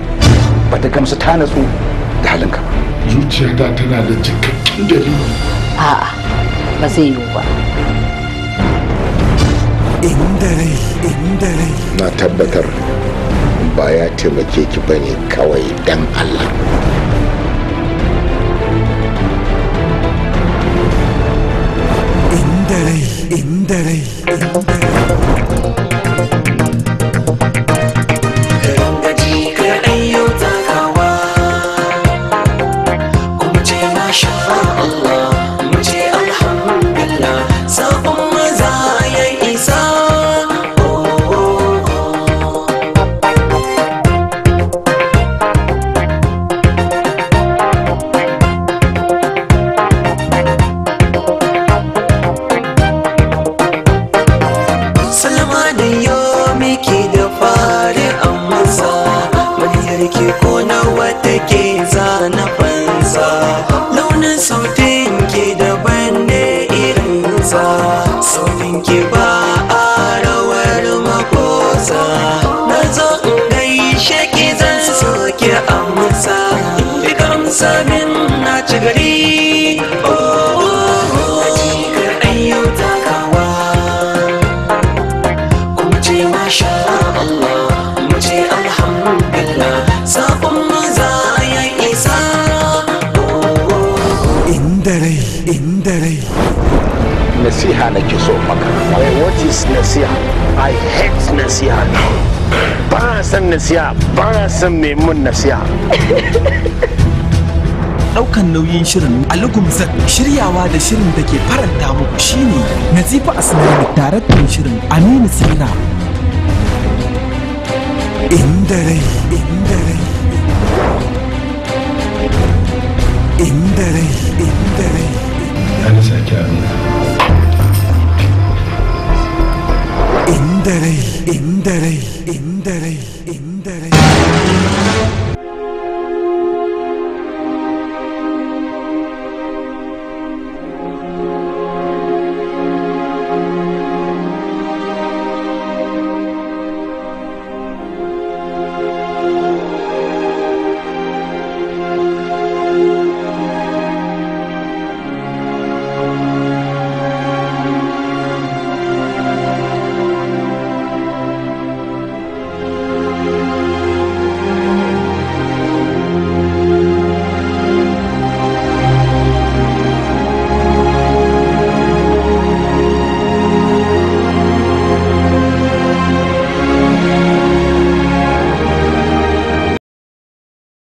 nawa take zana fansa launin sautin ki daban ne irinsa sautin ki ba a rawar makosa na zo in gaishe ki zan soke amsa fi kamsa min na ci nasiha nake so maka what is nasiha i hate nasiha ba san nasiha ba san me mun nasiha daukan nauyin shirin alugumzar shiryawa da shirin da ke faranta muku shine nazifa asnani daraktan shirin aminu sira indare rai indare rai inda rai rai an amina இந்தரை இந்தரை இந்தரை